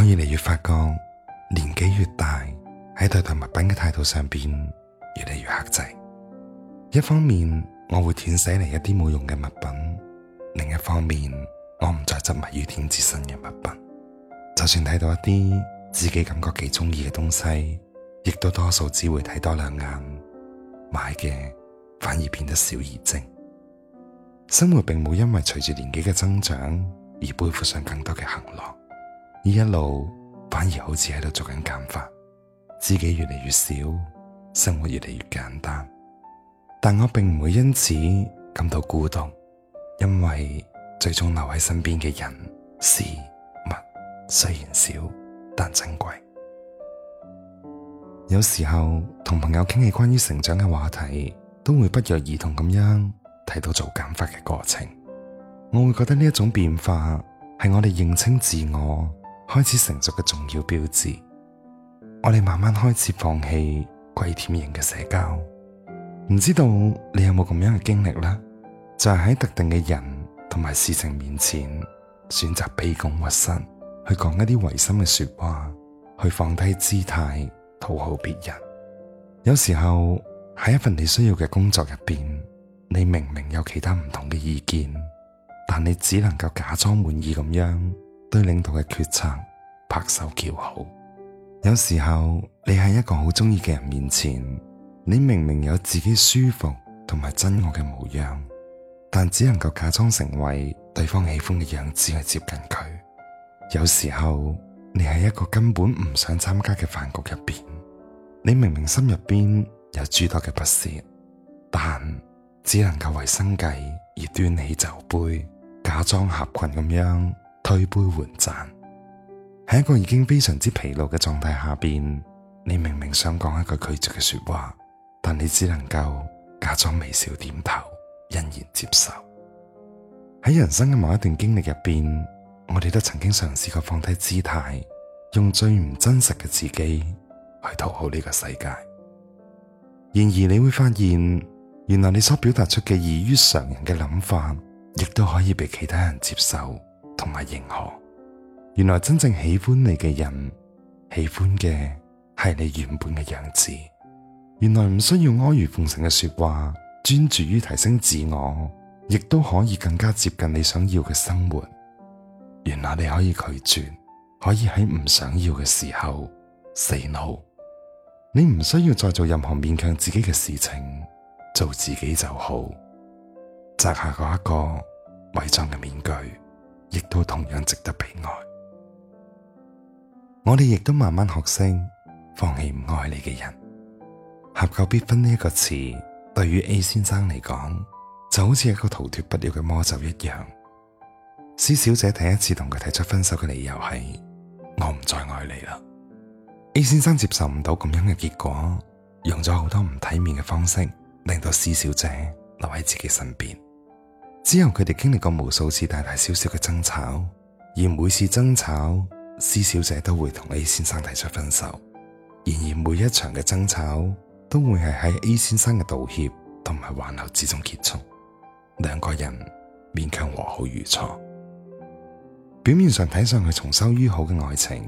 我越嚟越發覺，年紀越大喺對待物品嘅態度上邊，越嚟越克制。一方面我會斷捨離一啲冇用嘅物品，另一方面我唔再執迷於添置新嘅物品。就算睇到一啲自己感覺幾中意嘅東西，亦都多數只會睇多兩眼，買嘅反而變得少而精。生活並冇因為隨住年紀嘅增長而背負上更多嘅行囊。呢一路反而好似喺度做緊減法，自己越嚟越少，生活越嚟越簡單。但我並唔會因此感到孤獨，因為最終留喺身邊嘅人、事物雖然少，但珍貴。有時候同朋友傾起關於成長嘅話題，都會不約而同咁樣睇到做減法嘅過程。我會覺得呢一種變化係我哋認清自我。開始成熟嘅重要標誌，我哋慢慢開始放棄跪舔型嘅社交，唔知道你有冇咁樣嘅經歷啦？就係喺特定嘅人同埋事情面前，選擇卑躬屈膝去講一啲違心嘅說話，去放低姿態討好別人。有時候喺一份你需要嘅工作入邊，你明明有其他唔同嘅意見，但你只能夠假裝滿意咁樣。對領導嘅決策拍手叫好。有時候你喺一個好中意嘅人面前，你明明有自己舒服同埋真我嘅模樣，但只能夠假裝成為對方喜歡嘅樣子去接近佢。有時候你喺一個根本唔想參加嘅飯局入邊，你明明心入邊有諸多嘅不屑，但只能夠為生計而端起酒杯，假裝合群咁樣。推杯換盞，喺一個已經非常之疲勞嘅狀態下邊，你明明想講一句拒絕嘅說話，但你只能夠假裝微笑點頭，欣然接受。喺人生嘅某一段經歷入邊，我哋都曾經嘗試過放低姿態，用最唔真實嘅自己去討好呢個世界。然而你會發現，原來你所表達出嘅異於常人嘅諗法，亦都可以被其他人接受。同埋迎合，原來真正喜歡你嘅人，喜歡嘅係你原本嘅樣子。原來唔需要阿諛奉承嘅說話，專注於提升自我，亦都可以更加接近你想要嘅生活。原來你可以拒絕，可以喺唔想要嘅時候死腦。你唔需要再做任何勉強自己嘅事情，做自己就好，摘下嗰一個偽裝嘅面具。亦都同樣值得被愛，我哋亦都慢慢學識放棄唔愛你嘅人。合久必分呢一個詞，對於 A 先生嚟講，就好似一個逃脫不了嘅魔咒一樣。施小姐第一次同佢提出分手嘅理由係：我唔再愛你啦。A 先生接受唔到咁樣嘅結果，用咗好多唔體面嘅方式，令到施小姐留喺自己身邊。之後佢哋經歷過無數次大大小小嘅爭吵，而每次爭吵，施小姐都會同 A 先生提出分手。然而每一場嘅爭吵都會係喺 A 先生嘅道歉同埋挽留之中結束，兩個人勉強和好如初。表面上睇上去重修於好嘅愛情，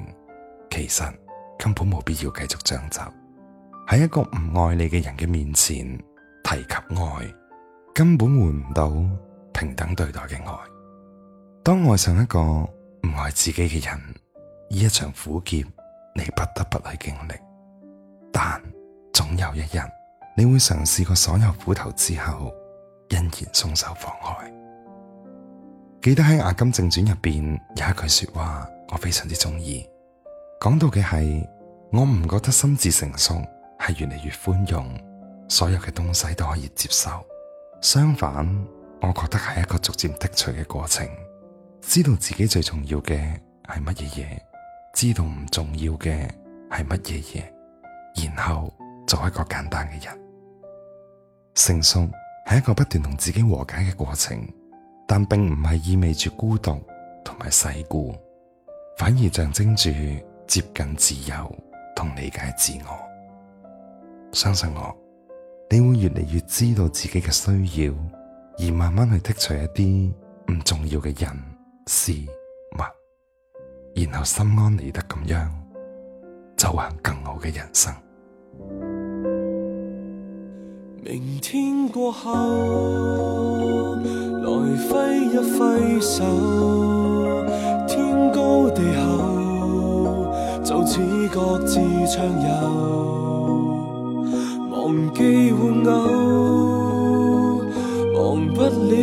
其實根本冇必要繼續將就。喺一個唔愛你嘅人嘅面前提及愛，根本換唔到，平等對待嘅愛，當愛上一個唔愛自己嘅人，呢一場苦劫你不得不去經歷，但總有一日你會嘗試過所有苦頭之後，欣然鬆手放開。記得喺《阿甘正傳》入邊有一句說話，我非常之中意，講到嘅係我唔覺得心智成熟係越嚟越寬容，所有嘅東西都可以接受，相反。我覺得係一個逐漸剔除嘅過程，知道自己最重要嘅係乜嘢嘢，知道唔重要嘅係乜嘢嘢，然後做一個簡單嘅人。成熟係一個不斷同自己和解嘅過程，但並唔係意味住孤獨同埋世故，反而象徵住接近自由同理解自我。相信我，你會越嚟越知道自己嘅需要。而慢慢去剔除一啲唔重要嘅人、事、物，然後心安理得咁樣，走向更好嘅人生。明天過後，來揮一揮手，天高地厚，就此各自暢遊，忘記玩偶。